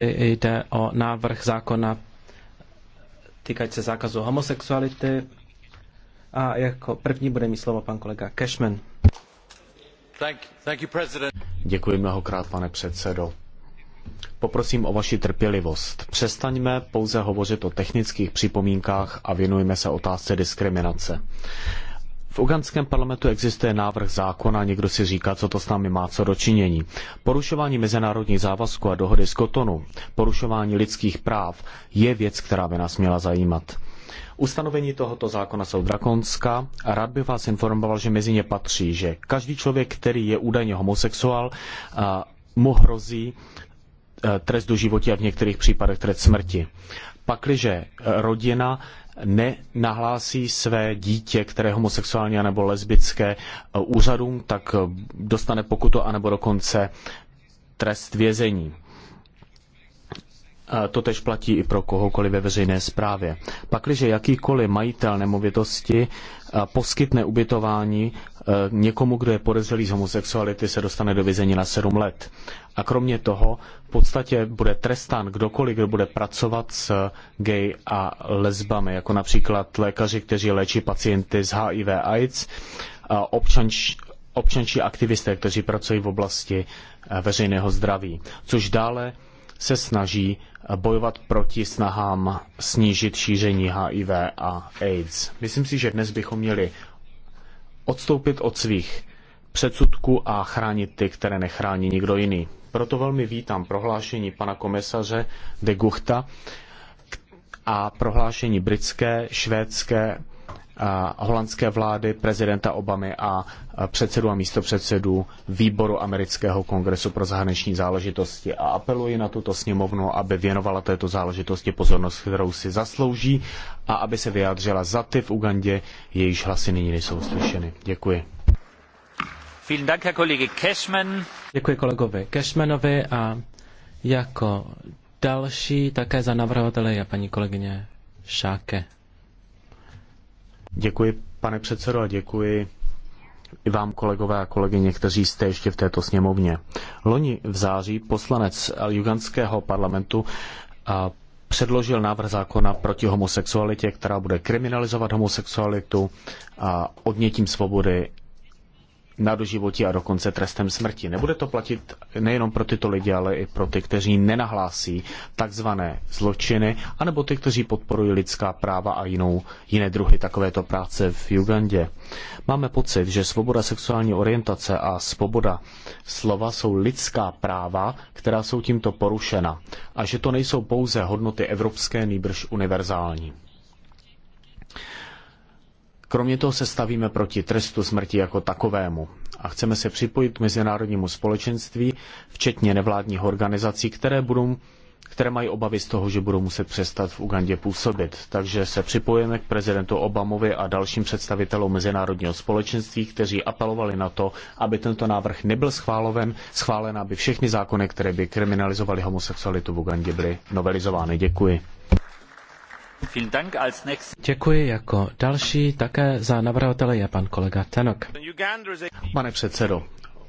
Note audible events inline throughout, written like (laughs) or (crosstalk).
jde o návrh zákona týkající se zákazu homosexuality. A jako první bude mít slovo pan kolega Cashman. Děkuji mnohokrát, pane předsedo. Poprosím o vaši trpělivost. Přestaňme pouze hovořit o technických připomínkách a věnujme se otázce diskriminace. V ugandském parlamentu existuje návrh zákona, někdo si říká, co to s námi má co dočinění. Porušování mezinárodních závazků a dohody z Kotonu, porušování lidských práv je věc, která by nás měla zajímat. Ustanovení tohoto zákona jsou drakonská a rád bych vás informoval, že mezi ně patří, že každý člověk, který je údajně homosexuál, mu hrozí e, trest do životě a v některých případech trest smrti. Pakliže e, rodina nenahlásí své dítě, které je homosexuální nebo lesbické úřadům, tak dostane pokutu anebo dokonce trest vězení. To tež platí i pro kohokoliv ve veřejné správě. Pakliže jakýkoliv majitel nemovitosti poskytne ubytování někomu, kdo je podezřelý z homosexuality, se dostane do vězení na 7 let. A kromě toho v podstatě bude trestán kdokoliv, kdo bude pracovat s gay a lesbami, jako například lékaři, kteří léčí pacienty z HIV AIDS, občanč, občančí aktivisté, kteří pracují v oblasti veřejného zdraví, což dále se snaží eh, bojovat proti snahám snížit šíření HIV a AIDS. Myslím si, že dnes bychom měli odstoupit od svých předsudků a chránit ty, které nechrání nikdo jiný. Proto velmi vítám prohlášení pana komisaře de Guchta a prohlášení britské, švédské, holandské vlády, prezidenta Obamy a předsedu a místopředsedu výboru amerického kongresu pro zahraniční záležitosti a apeluji na tuto sněmovnu, aby věnovala této záležitosti pozornost, kterou si zaslouží a aby se vyjádřila za ty v Ugandě, jejíž hlasy nyní nejsou slyšeny. Děkuji. Děkuji kolegovi Cashmanovi a jako další také za navrhovatele je paní kolegyně Šáke. Děkuji, pane předsedo, a děkuji i vám, kolegové a kolegyně, kteří jste ještě v této sněmovně. Loni v září poslanec juganského parlamentu předložil návrh zákona proti homosexualitě, která bude kriminalizovat homosexualitu a odnětím svobody na doživotí a dokonce trestem smrti. Nebude to platit nejenom pro tyto lidi, ale i pro ty, kteří nenahlásí takzvané zločiny, anebo ty, kteří podporují lidská práva a jinou, jiné druhy takovéto práce v Ugandě. Máme pocit, že svoboda sexuální orientace a svoboda slova jsou lidská práva, která jsou tímto porušena a že to nejsou pouze hodnoty evropské, nýbrž univerzální. Kromě toho se stavíme proti trestu smrti jako takovému a chceme se připojit k mezinárodnímu společenství, včetně nevládních organizací, které, budou, které mají obavy z toho, že budou muset přestat v Ugandě působit. Takže se připojíme k prezidentu Obamovi a dalším představitelům mezinárodního společenství, kteří apelovali na to, aby tento návrh nebyl schválen, schválen aby všechny zákony, které by kriminalizovaly homosexualitu v Ugandě, byly novelizovány. Děkuji. Děkuji jako další, také za navrhovatele je pan kolega Tenok. Pane předsedo,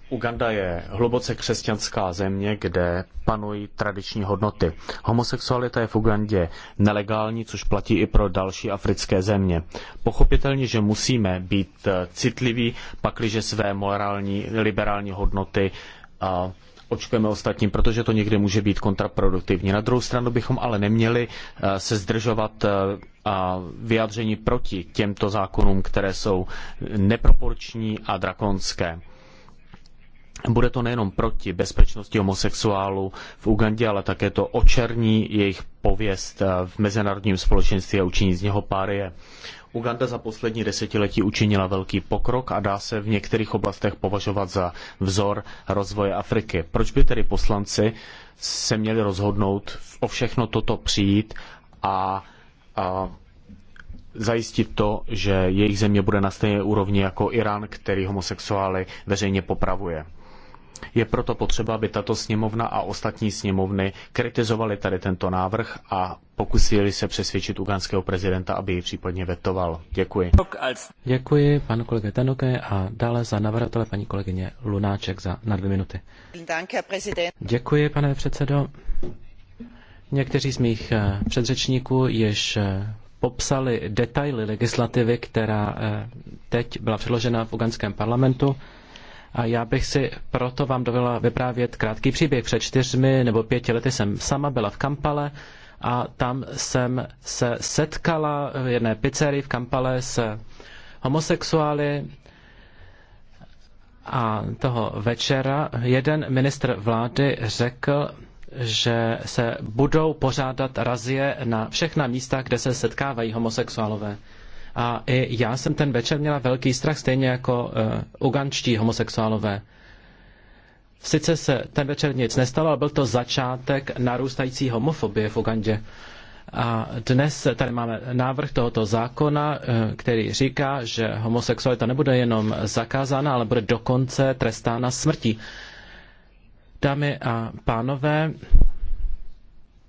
Uganda je hluboce křesťanská země, kde panují tradiční hodnoty. Homosexualita je v Ugandě nelegální, což platí i pro další africké země. Pochopitelně, že musíme být citliví, pakliže své morální, liberální hodnoty očkujeme ostatním, protože to někdy může být kontraproduktivní. Na druhou stranu bychom ale neměli eh, se zdržovat eh, vyjádření proti těmto zákonům, které jsou neproporční a drakonské. Bude to nejenom proti bezpečnosti homosexuálů v Ugandě, ale také to očerní jejich pověst eh, v mezinárodním společenství a učiní z něho párie. Uganda za poslední desetiletí učinila velký pokrok a dá se v některých oblastech považovat za vzor rozvoje Afriky. Proč by tedy poslanci se měli rozhodnout o všechno toto přijít a, a zajistit to, že jejich země bude na stejné úrovni jako Irán, který homosexuály veřejně popravuje. Je proto potřeba, aby tato sněmovna a ostatní sněmovny kritizovaly tady tento návrh a pokusili se přesvědčit uganského prezidenta, aby ji případně vetoval. Děkuji. Děkuji panu kolege Tenoke a dále za navrhovatele paní kolegyně Lunáček za na dvě minuty. Děkuji, pane předsedo. Někteří z mých eh, předřečníků již eh, popsali detaily legislativy, která eh, teď byla předložena v uganském parlamentu. A já bych si proto vám dovolila vyprávět krátký příběh. Před čtyřmi nebo pěti lety jsem sama byla v Kampale a tam jsem se setkala v jedné pizzerii v Kampale s homosexuály a toho večera jeden ministr vlády řekl, že se budou pořádat razie na všechna místa, kde se setkávají homosexuálové. A i já jsem ten večer měla velký strach, stejně jako uh, e, ugančtí homosexuálové. Sice se ten večer nic nestalo, ale byl to začátek narůstající homofobie v Ugandě. A dnes tady máme návrh tohoto zákona, e, který říká, že homosexualita nebude jenom zakázána, ale bude dokonce trestána smrtí. Dámy a pánové,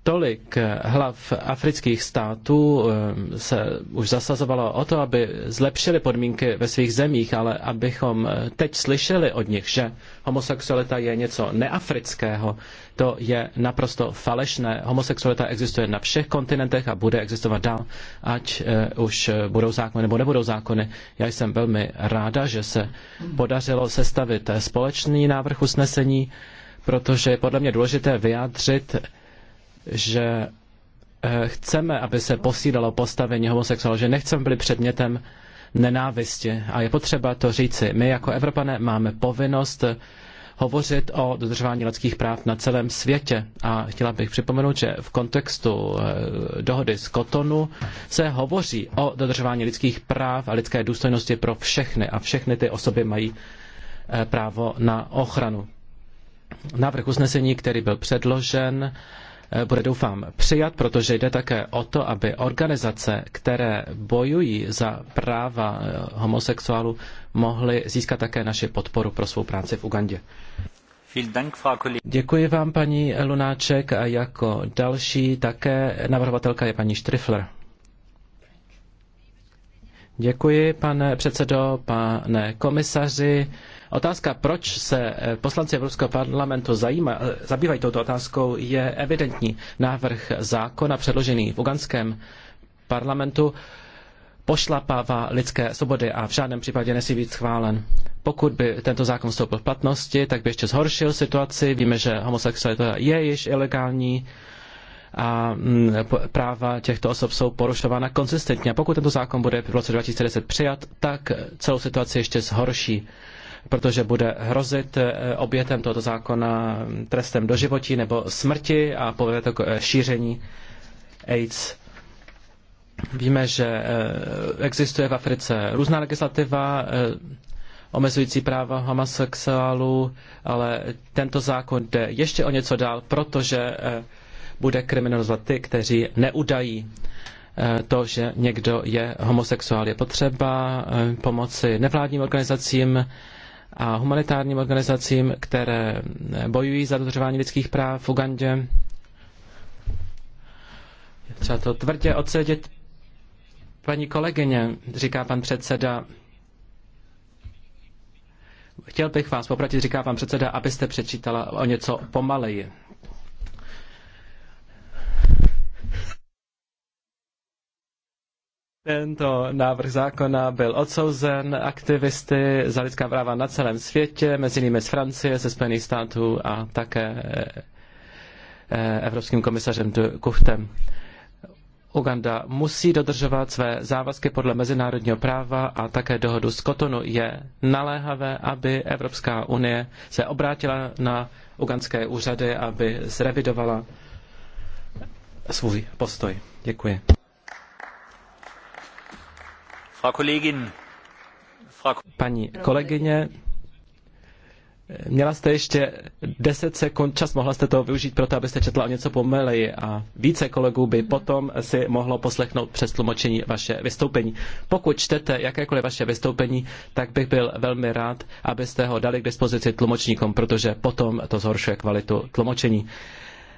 tolik hlav afrických států eh, se už zasazovalo o to, aby zlepšili podmínky ve svých zemích, ale abychom eh, teď slyšeli od nich, že homosexualita je něco neafrického, to je naprosto falešné. Homosexualita existuje na všech kontinentech a bude existovat dál, ať eh, už budou zákony nebo nebudou zákony. Já jsem velmi ráda, že se podařilo sestavit společný návrh usnesení, protože je podle mě důležité vyjádřit, že eh, chceme, aby se posílalo postavení homosexuálů, že nechceme byli předmětem nenávisti. A je potřeba to říci. My jako Evropané máme povinnost hovořit o dodržování lidských práv na celém světě. A chtěla bych připomenout, že v kontextu eh, dohody z Kotonu se hovoří o dodržování lidských práv a lidské důstojnosti pro všechny. A všechny ty osoby mají eh, právo na ochranu. Návrh usnesení, který byl předložen, Eh, bude doufám přijat, protože jde také o to, aby organizace, které bojují za práva eh, homosexuálů, mohly získat také naši podporu pro svou práci v Ugandě. Děkuji vám, paní Lunáček, a jako další také navrhovatelka je paní Štrifler. Děkuji, pane předsedo, pane komisaři. Otázka, proč se eh, poslanci Evropského parlamentu zajíma, eh, zabývají touto otázkou, je evidentní. Návrh zákona předložený v uganském parlamentu pošlapává lidské svobody a v žádném případě nesmí být schválen. Pokud by tento zákon vstoupil v platnosti, tak by ještě zhoršil situaci. Víme, že homosexualita je již ilegální a mm, práva těchto osob jsou porušována konzistentně. Pokud tento zákon bude v roce 2010 přijat, tak celou situaci ještě zhorší protože bude hrozit eh, obětem tohoto zákona mm, trestem doživotí nebo smrti a povede to k eh, šíření AIDS. Víme, že eh, existuje v Africe různá legislativa omezující práva homosexuálů, ale tento zákon jde ještě o něco dál, protože bude kriminalizovat ty, kteří neudají to, že někdo je homosexuál. Je potřeba pomoci nevládním organizacím, a humanitárním organizacím, které bojují za dodržování lidských práv v Ugandě. Třeba to tvrdě odsedět. Paní kolegyně, říká pan předseda, chtěl bych vás poprosit, říká pan předseda, abyste přečítala o něco pomaleji. Tento návrh zákona byl odsouzen aktivisty za lidská práva na celém světě, mezi nimi z Francie, ze Spojených států a také eh, eh, evropským komisařem de Kuchtem. Uganda musí dodržovat své závazky podle mezinárodního práva a také dohodu z Kotonu. Je naléhavé, aby Evropská unie se obrátila na ugandské úřady, aby zrevidovala svůj postoj. Děkuji. Paní kolegyně, měla jste ještě 10 sekund čas, mohla jste toho využít proto, abyste četla o něco pomaleji a více kolegů by potom si mohlo poslechnout přes tlumočení vaše vystoupení. Pokud čtete jakékoliv vaše vystoupení, tak bych byl velmi rád, abyste ho dali k dispozici tlumočníkům, protože potom to zhoršuje kvalitu tlumočení.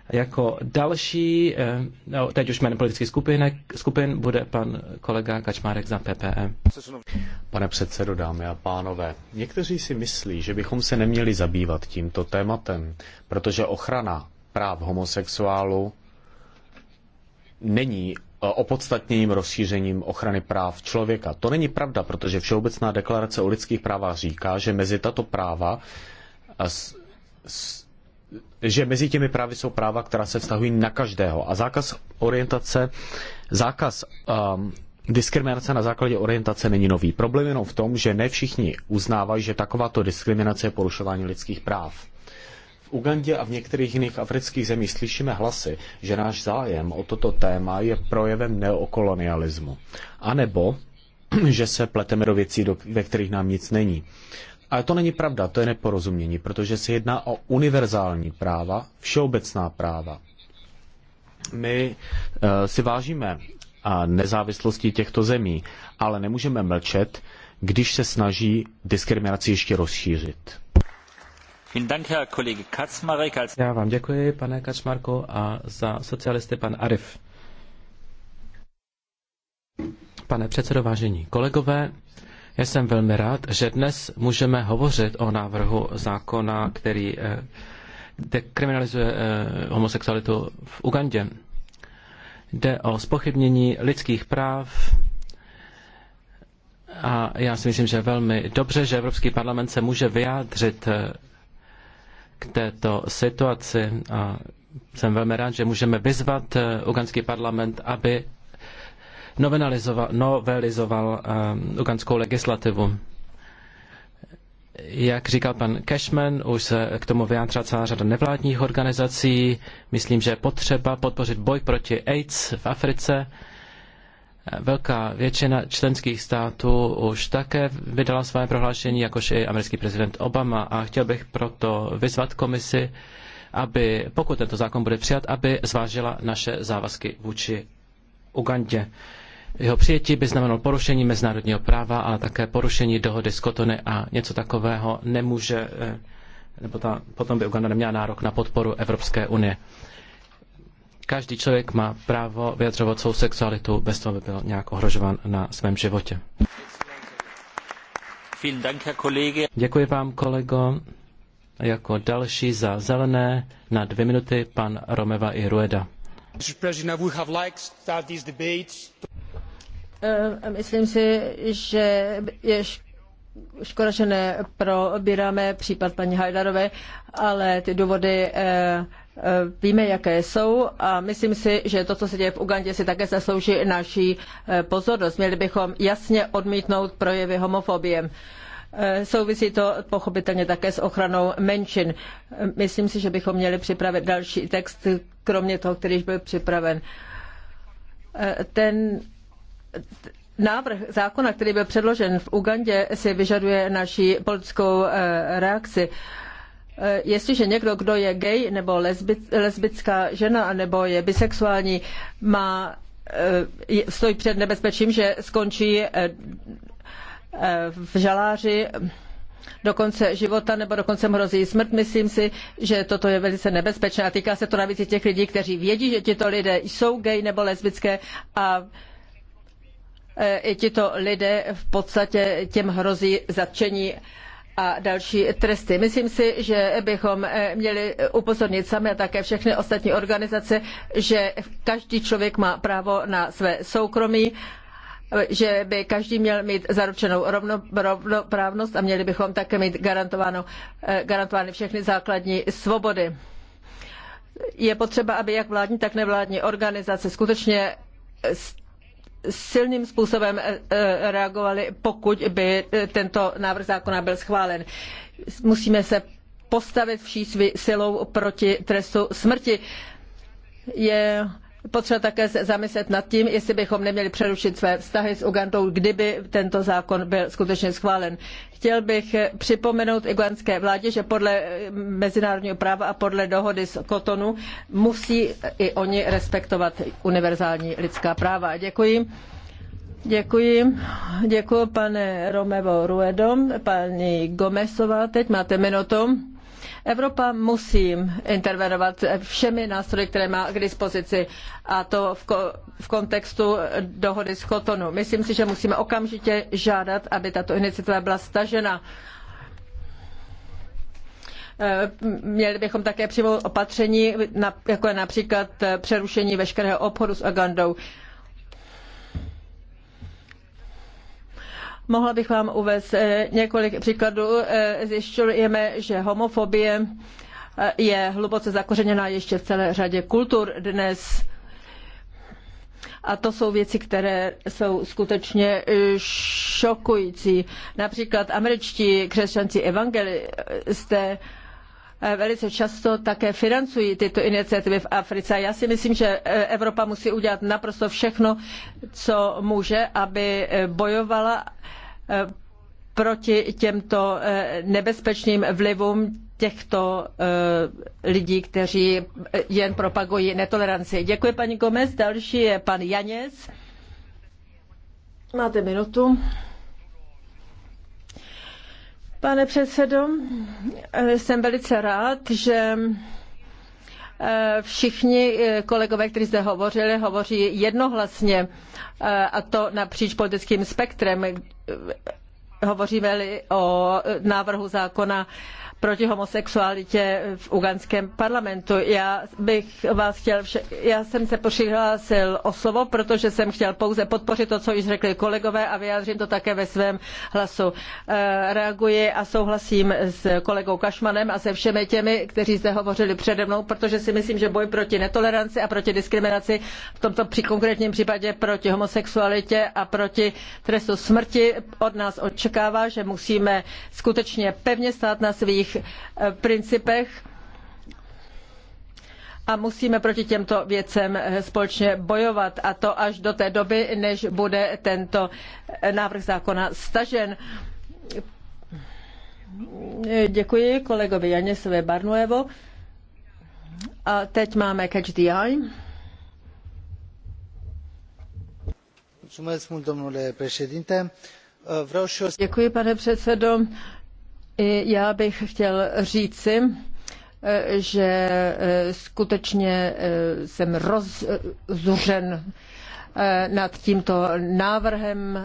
Jako další, eh, no, teď už jménem politických skupin, skupin, bude pan kolega Kačmárek za PPE. Pane předsedo, dámy a pánové, někteří si myslí, že bychom se neměli zabývat tímto tématem, protože ochrana práv homosexuálů není eh, opodstatněním rozšířením ochrany práv člověka. To není pravda, protože Všeobecná deklarace o lidských právách říká, že mezi tato práva eh, že mezi těmi právy jsou práva, která se vztahují na každého. A zákaz orientace, zákaz um, diskriminace na základě orientace není nový. Problém jenom v tom, že ne všichni uznávají, že takováto diskriminace je porušování lidských práv. V Ugandě a v některých jiných afrických zemích slyšíme hlasy, že náš zájem o toto téma je projevem neokolonialismu. A nebo, (clears throat) že se pleteme do věcí, do, ve kterých nám nic není. Ale to není pravda, to je neporozumění, protože se jedná o univerzální práva, všeobecná práva. My eh, si vážíme eh, nezávislosti těchto zemí, ale nemůžeme mlčet, když se snaží diskriminaci ještě rozšířit. Já vám děkuji, pane Kačmarku, a za socialisty pan Arif. Pane předsedo, vážení kolegové, já jsem velmi rád, že dnes můžeme hovořit o návrhu zákona, který eh, dekriminalizuje eh, homosexualitu v Ugandě. Jde o spochybnění lidských práv a já si myslím, že je velmi dobře, že Evropský parlament se může vyjádřit eh, k této situaci a jsem velmi rád, že můžeme vyzvat uganský parlament, aby novelizoval, novelizoval eh, ugandskou legislativu. Jak říkal pan Cashman, už se k tomu vyjádřila celá řada nevládních organizací. Myslím, že je potřeba podpořit boj proti AIDS v Africe. Velká většina členských států už také vydala své prohlášení, jakož i americký prezident Obama. A chtěl bych proto vyzvat komisi, aby, pokud tento zákon bude přijat, aby zvážila naše závazky vůči Ugandě. Jeho přijetí by znamenalo porušení mezinárodního práva, ale také porušení dohody z Kotony a něco takového nemůže, eh, nebo ta, potom by Uganda neměla nárok na podporu Evropské unie. Každý člověk má právo vyjadřovat svou sexualitu bez toho, aby byl nějak ohrožován na svém životě. Děkuji vám, kolego. Jako další za zelené na dvě minuty pan Romeva i Rueda. Eh, myslím si, že je škoda, že neprobíráme případ paní Hajdarové, ale ty důvody eh, eh, víme, jaké jsou a myslím si, že to, co se děje v Ugandě, si také zaslouží naší pozornost. Měli bychom jasně odmítnout projevy homofobie. Souvisí to pochopitelně také s ochranou menšin. Myslím si, že bychom měli připravit další text, kromě toho, který byl připraven. Eh, ten návrh zákona, který byl předložen v Ugandě, si vyžaduje naši politickou eh, reakci. Eh, jestliže někdo, kdo je gay nebo lesbická žena nebo je bisexuální, má, stojí před nebezpečím, že skončí v žaláři, do konce života nebo dokonce mu hrozí smrt. Myslím si, že toto je velice nebezpečné a týká se to navíc i těch lidí, kteří vědí, že tito lidé jsou gay nebo lesbické a e, i tito lidé v podstatě těm hrozí zatčení a další tresty. Myslím si, že bychom e, měli upozornit sami a také všechny ostatní organizace, že každý člověk má právo na své soukromí že by každý měl mít zaručenou rovno, rovnoprávnost a měli bychom také mít eh, garantovány všechny základní svobody. Je potřeba, aby jak vládní, tak nevládní organizace skutečně silným způsobem eh, eh, reagovaly, pokud by tento návrh zákona byl schválen. Musíme se postavit vší silou proti trestu smrti. Je potřeba také se zamyslet nad tím, jestli bychom neměli přerušit své vztahy s Ugandou, kdyby tento zákon byl skutečně schválen. Chtěl bych připomenout ugandské vládě, že podle mezinárodního práva a podle dohody z Kotonu musí i oni respektovat univerzální lidská práva. Děkuji. Děkuji. Děkuji, pane Romevo Ruedom. Paní Gomesová, teď máte minutu. Evropa musí intervenovat všemi nástroji, které má k dispozici a to v, ko- v kontextu dohody z Kotonu. Myslím si, že musíme okamžitě žádat, aby tato iniciativa byla stažena eh, měli bychom také přijmout opatření, jako je například eh, přerušení veškerého obchodu s Ugandou. Mohla bych vám uvést eh, několik příkladů. Eh, zjišťujeme, že homofobie eh, je hluboce zakořeněná ještě v celé řadě kultur dnes. A to jsou věci, které jsou skutečně šokující. Například američtí křesťanci evangelisté velice často také financují tyto iniciativy v Africe. Já si myslím, že Evropa musí udělat naprosto všechno, co může, aby bojovala Eh, proti těmto eh, nebezpečným vlivům těchto eh, lidí, kteří jen propagují netoleranci. Děkuji paní Gomez. Další je pan Janěz. Máte minutu. Pane předsedo, jsem velice rád, že Eh, všichni eh, kolegové, kteří zde hovořili, hovoří jednohlasně eh, a to napříč politickým spektrem hovoříme-li o návrhu zákona proti homosexualitě v ugandském parlamentu. Já bych vás chtěl, vše... já jsem se přihlásil o slovo, protože jsem chtěl pouze podpořit to, co již řekli kolegové a vyjádřím to také ve svém hlasu. Eh, reaguji a souhlasím s kolegou Kašmanem a se všemi těmi, kteří zde hovořili přede mnou, protože si myslím, že boj proti netoleranci a proti diskriminaci, v tomto konkrétním případě proti homosexualitě a proti trestu smrti od nás očekává očekává, že musíme skutečně pevně stát na svých eh, principech a musíme proti těmto věcem eh, společně bojovat a to až do té doby, než bude tento eh, návrh zákona stažen. Děkuji kolegovi Janěsové Barnuevo. A teď máme Catch the Eye. Mulțumesc mult, domnule președinte Děkuji, pane předsedo. Já bych chtěl říci, že eh, skutečně eh, jsem rozzuřen eh, nad tímto návrhem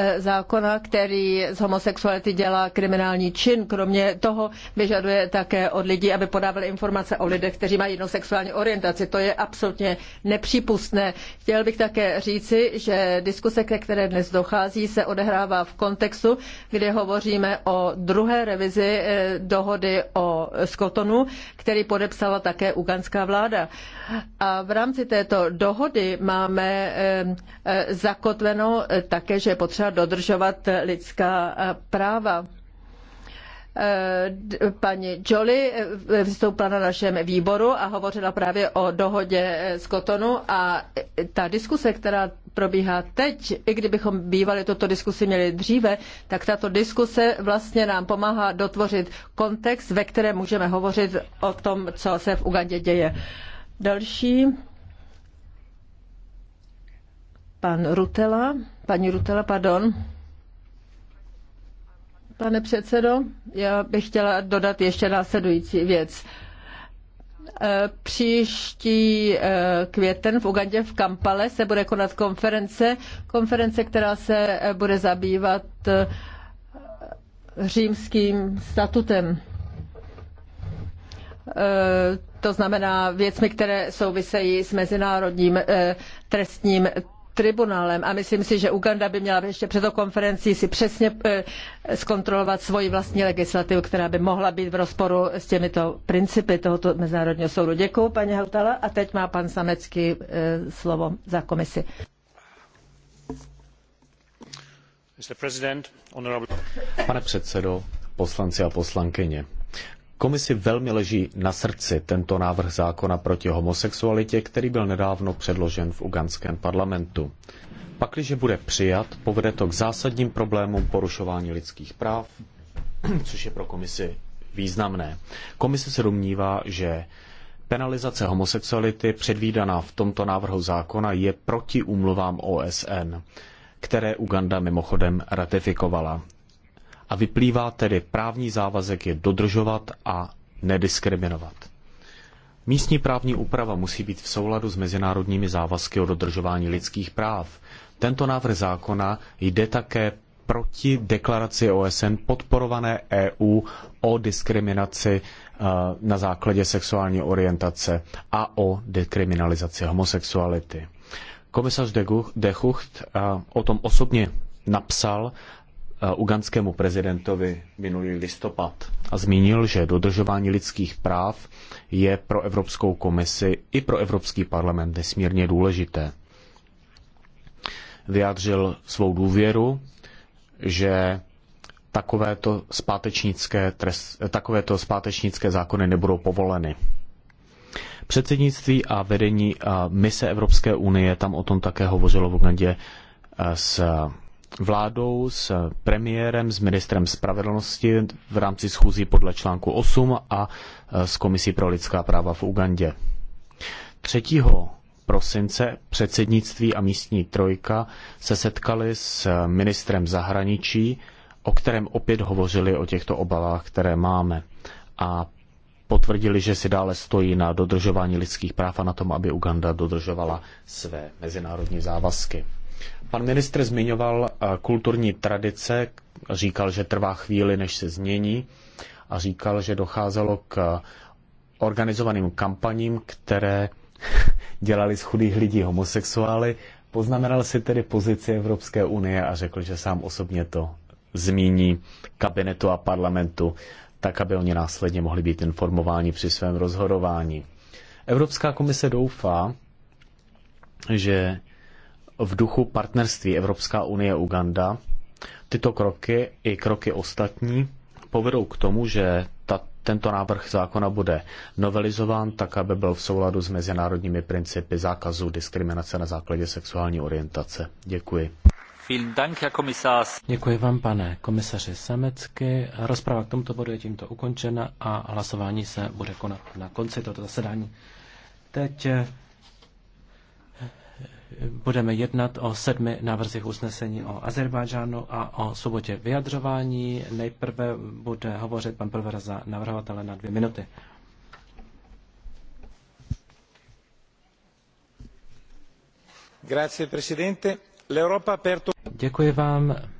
Eh, zákona, který z homosexuality dělá kriminální čin. Kromě toho vyžaduje také od lidí, aby podávali informace o lidech, kteří mají jinou sexuální orientaci. To je absolutně nepřípustné. Chtěl bych také říci, že diskuse, ke které dnes dochází, se odehrává v kontextu, kde hovoříme o druhé revizi eh, dohody o Skotonu, který podepsala také uganská vláda. A v rámci této dohody máme eh, zakotveno také, že je potřeba dodržovat lidská eh, práva eh, paní Joly eh, vystoupila na našem výboru a hovořila právě o dohodě z Kotonu a ta diskuse, která probíhá teď, i kdybychom bývali tuto diskusi měli dříve, tak tato diskuse vlastně nám pomáhá dotvořit kontext, ve kterém můžeme hovořit o tom, co se v Ugandě děje. Další Pan Rutela, paní Rutela, pardon. Pane předsedo, já bych chtěla dodat ještě následující věc. E, příští e, květen v Ugandě v Kampale se bude konat konference, konference, která se e, bude zabývat římským statutem. To znamená věcmi, které souvisejí s Mezinárodním trestním tribunálem a myslím si, že Uganda by měla ještě před tou konferencí si přesně eh, zkontrolovat svoji vlastní legislativu, která by mohla být v rozporu s těmito principy tohoto Mezinárodního soudu. Děkuji, paní Hautala. A teď má pan Samecký eh, slovo za komisi. Pane předsedo, poslanci a poslankyně, Komisi velmi leží na srdci tento návrh zákona proti homosexualitě, který byl nedávno předložen v uganském parlamentu. Pakliže bude přijat, povede to k zásadním problémům porušování lidských práv, (clears throat) což je pro komisi významné. Komise se domnívá, že penalizace homosexuality předvídaná v tomto návrhu zákona je proti úmluvám OSN, které Uganda mimochodem ratifikovala a vyplývá tedy právní závazek je dodržovat a nediskriminovat. Místní právní úprava musí být v souladu s mezinárodními závazky o dodržování lidských práv. Tento návrh zákona jde také proti deklaraci OSN podporované EU o diskriminaci eh, na základě sexuální orientace a o dekriminalizaci homosexuality. Komisař de Gucht eh, o tom osobně napsal Eh, uganskému prezidentovi minulý listopad a zmínil, že dodržování lidských práv je pro Evropskou komisi i pro Evropský parlament nesmírně důležité. Vyjádřil svou důvěru, že takovéto zpátečnické, trest, takovéto zpátečnické zákony nebudou povoleny. Předsednictví a vedení mise Evropské unie tam o tom také hovořilo v Ugandě eh, s vládou, s premiérem, s ministrem spravedlnosti v rámci schůzí podle článku 8 a e, s Komisí pro lidská práva v Ugandě. 3. prosince předsednictví a místní trojka se setkali s ministrem zahraničí, o kterém opět hovořili o těchto obavách, které máme. A potvrdili, že si dále stojí na dodržování lidských práv a na tom, aby Uganda dodržovala své mezinárodní závazky. Pan ministr zmiňoval eh, kulturní tradice, říkal, že trvá chvíli, než se změní a říkal, že docházelo k organizovaným kampaním, které (laughs) dělali z chudých lidí homosexuály. Poznamenal si tedy pozici Evropské unie a řekl, že sám osobně to zmíní kabinetu a parlamentu, tak aby oni následně mohli být informováni při svém rozhodování. Evropská komise doufá, že v duchu partnerství Evropská unie Uganda. Tyto kroky i kroky ostatní povedou k tomu, že ta, tento návrh zákona bude novelizován tak, aby byl v souladu s mezinárodními principy zákazu diskriminace na základě sexuální orientace. Děkuji. Děkuji vám, pane komisaři Samecky. Rozprava k tomuto bodu je tímto ukončena a hlasování se bude konat na konci tohoto zasedání. Teď eh, budeme jednat o sedmi návrzích usnesení o Azerbajdžánu a o svobodě vyjadřování. Nejprve bude hovořit pan Provera za navrhovatele na dvě minuty. Grazie, presidente. L'Europa aperto... Děkuji vám,